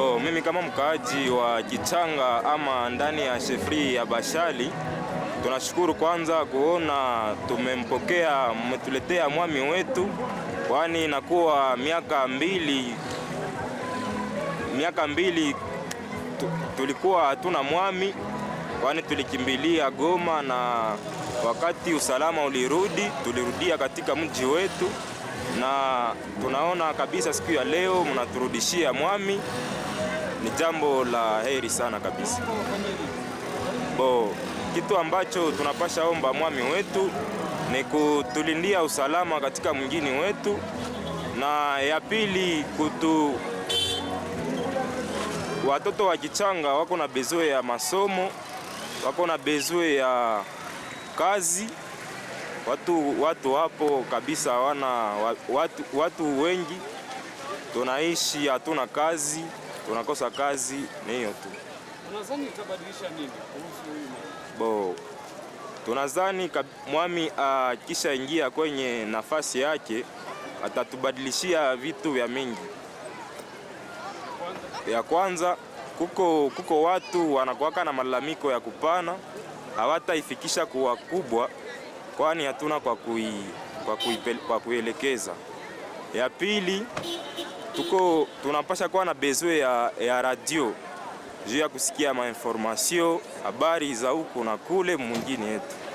Bo, mimi kama mkaaji wa Kichanga ama ndani ya shefri ya Bashali, tunashukuru kwanza kuona tumempokea, mmetuletea mwami wetu, kwani inakuwa miaka mbili, miaka mbili tulikuwa hatuna mwami, kwani tulikimbilia Goma na wakati usalama ulirudi, tulirudia katika mji wetu na tunaona kabisa siku ya leo mnaturudishia mwami ni jambo la heri sana kabisa. Bo, kitu ambacho tunapasha omba mwami wetu ni kutulindia usalama katika mwingini wetu, na ya pili kutu watoto wa kichanga wako na bezue ya masomo, wako na bezue ya kazi. Watu watu hapo kabisa wana watu, watu wengi tunaishi hatuna kazi unakosa kazi, ni hiyo tu. Unadhani itabadilisha nini kuhusu huyu bo? Tunadhani mwami akisha ah, ingia kwenye nafasi yake atatubadilishia vitu vya mingi. Ya kwanza kuko, kuko watu wanakuwaka na malalamiko ya kupana, hawataifikisha kuwa kubwa, kwani hatuna kwa, kui, kwa, kui, kwa kuielekeza. Ya pili tuko tunapasha kuwa na bezwe ya, ya radio juu ya kusikia mainformasio habari za huko na kule mwingine yetu.